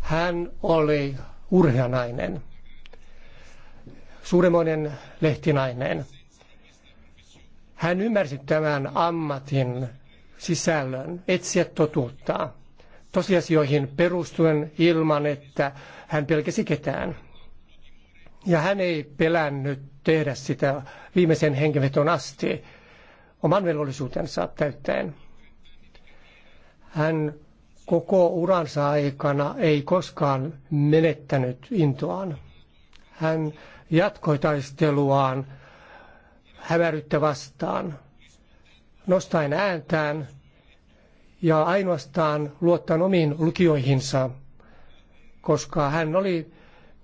Hän oli urheanainen, suuremoinen lehtinainen. Hän ymmärsi tämän ammatin sisällön, etsiä totuutta, tosiasioihin perustuen ilman, että hän pelkäsi ketään. Ja hän ei pelännyt tehdä sitä viimeisen hengenveton asti oman velvollisuutensa täyttäen. Hän koko uransa aikana ei koskaan menettänyt intoaan. Hän jatkoi taisteluaan hämäryttä vastaan, nostaen ääntään ja ainoastaan luottaen omiin lukijoihinsa, koska hän oli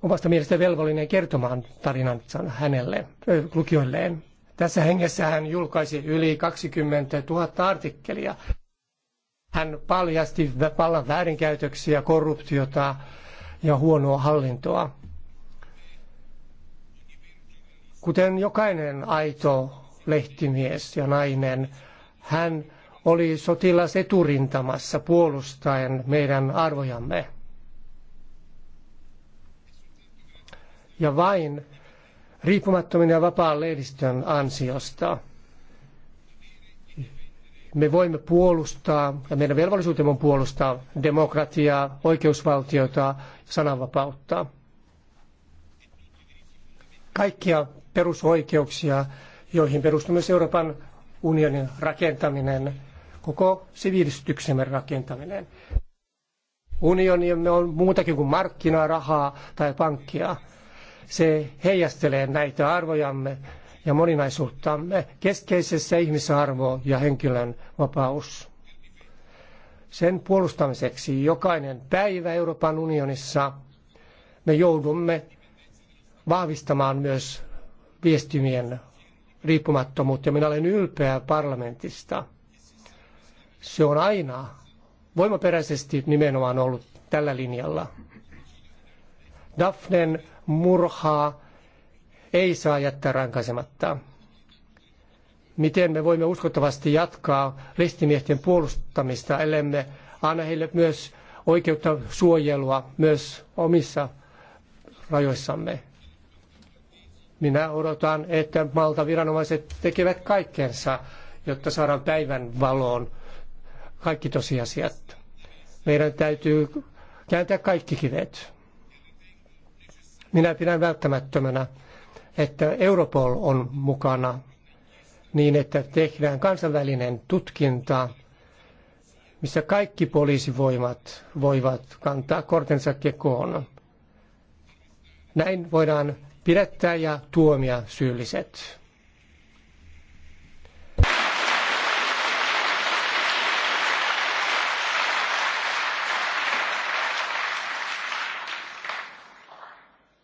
omasta mielestä velvollinen kertomaan tarinansa hänelle, lukioilleen. Tässä hengessä hän julkaisi yli 20 000 artikkelia hän paljasti vallan väärinkäytöksiä, korruptiota ja huonoa hallintoa. Kuten jokainen aito lehtimies ja nainen, hän oli sotilas eturintamassa puolustaen meidän arvojamme. Ja vain riippumattomin ja vapaan lehdistön ansiosta – me voimme puolustaa, ja meidän velvollisuutemme on puolustaa demokratiaa, oikeusvaltiota, sananvapautta. Kaikkia perusoikeuksia, joihin perustuu myös Euroopan unionin rakentaminen, koko sivistyksemme rakentaminen. Unionimme on muutakin kuin markkinaa, rahaa tai pankkia. Se heijastelee näitä arvojamme ja moninaisuuttamme keskeisessä ihmisarvo ja henkilön vapaus. Sen puolustamiseksi jokainen päivä Euroopan unionissa me joudumme vahvistamaan myös viestimien riippumattomuutta. Minä olen ylpeä parlamentista. Se on aina voimaperäisesti nimenomaan ollut tällä linjalla. Daphnen murhaa ei saa jättää rankaisematta. Miten me voimme uskottavasti jatkaa ristimiesten puolustamista, ellemme anna heille myös oikeutta suojelua myös omissa rajoissamme. Minä odotan, että Malta viranomaiset tekevät kaikkensa, jotta saadaan päivän valoon kaikki tosiasiat. Meidän täytyy kääntää kaikki kivet. Minä pidän välttämättömänä, että Europol on mukana niin, että tehdään kansainvälinen tutkinta, missä kaikki poliisivoimat voivat kantaa kortensa kekoon. Näin voidaan pidättää ja tuomia syylliset.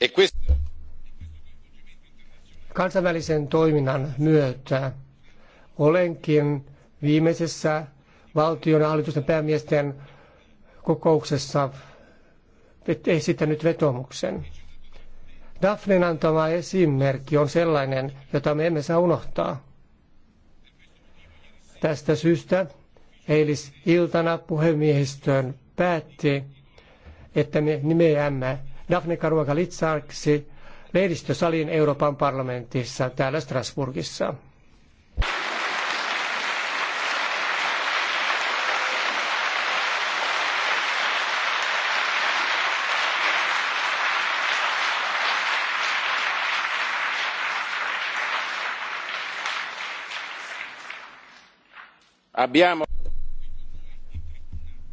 E questo kansainvälisen toiminnan myötä. Olenkin viimeisessä valtion ja hallitusten päämiesten kokouksessa esittänyt vetomuksen. Daphnen antama esimerkki on sellainen, jota me emme saa unohtaa. Tästä syystä eilisiltana puhemiehistön päätti, että me nimeämme Daphne Caruana Litsarksi lehdistösalin Euroopan parlamentissa täällä Strasbourgissa.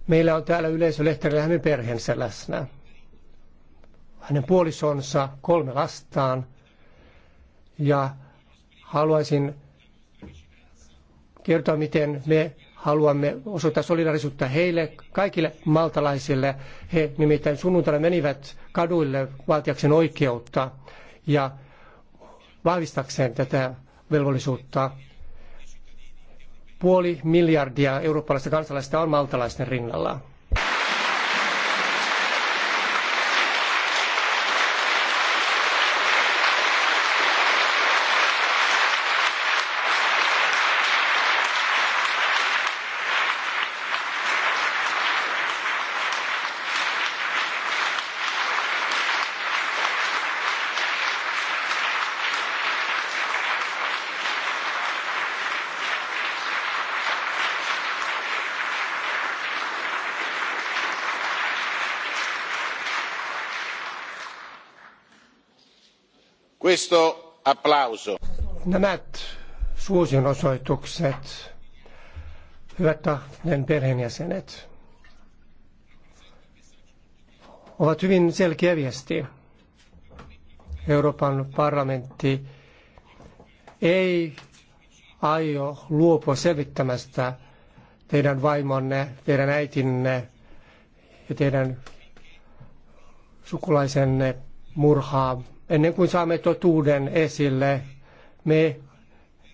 Meillä on täällä yleisölehterillä hänen perheensä läsnä hänen puolisonsa, kolme lastaan. Ja haluaisin kertoa, miten me haluamme osoittaa solidarisuutta heille, kaikille maltalaisille. He nimittäin sunnuntaina menivät kaduille valtiakseen oikeutta ja vahvistakseen tätä velvollisuutta. Puoli miljardia eurooppalaista kansalaista on maltalaisten rinnalla. Questo applauso. Nämä suosionosoitukset, hyvät tahden perheenjäsenet, ovat hyvin selkeä viesti. Euroopan parlamentti ei aio luopua selvittämästä teidän vaimonne, teidän äitinne ja teidän sukulaisenne murhaa ennen kuin saamme totuuden esille. Me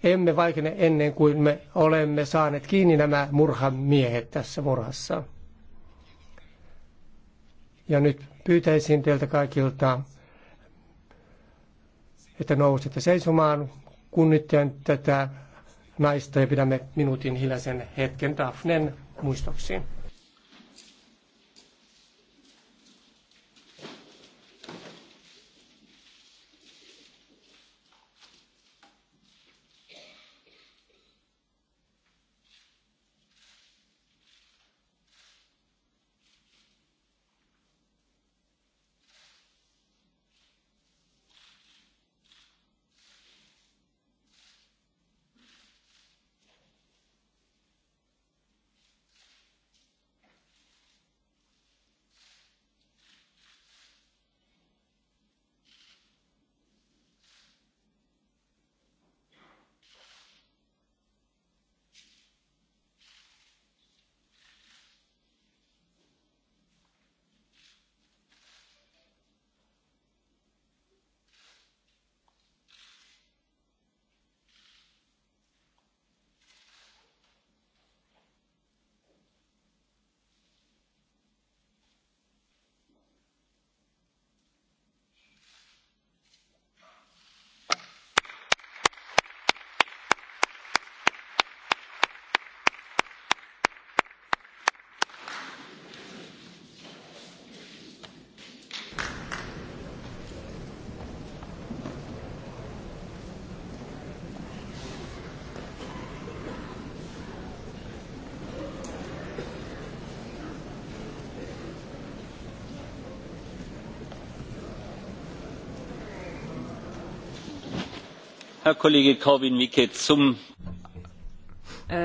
emme vaikene ennen kuin me olemme saaneet kiinni nämä murhan miehet tässä murhassa. Ja nyt pyytäisin teiltä kaikilta, että nousette seisomaan kunnittain tätä naista ja pidämme minuutin hiljaisen hetken Daphnen muistoksiin.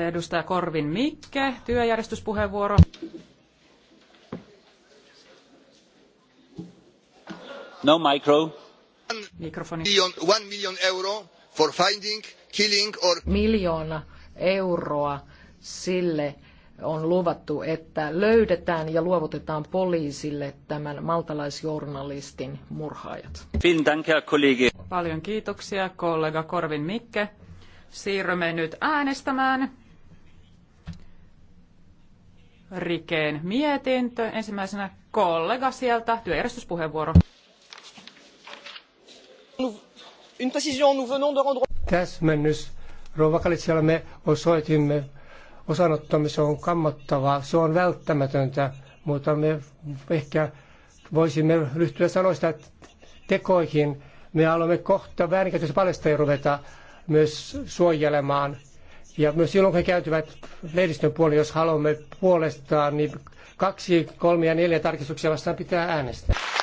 Edustaja Korvin Mikke, työjärjestyspuheenvuoro. No micro. Mikrofoni. One million euro for finding, Miljoona euroa sille, on luvattu, että löydetään ja luovutetaan poliisille tämän maltalaisjournalistin murhaajat. Paljon kiitoksia kollega Korvin Mikke. Siirrymme nyt äänestämään. Rikeen mietintö. Ensimmäisenä kollega sieltä, työjärjestyspuheenvuoro. Täsmennys. Rouva Kalitsialla me osoitimme osanottamisen on kammottavaa, se on välttämätöntä, mutta me ehkä voisimme ryhtyä sanoista tekoihin. Me haluamme kohta väärinkäytössä paljastajia ruveta myös suojelemaan. Ja myös silloin, kun he käytyvät lehdistön puolella, jos haluamme puolestaan, niin kaksi, kolme ja neljä tarkistuksia vastaan pitää äänestää.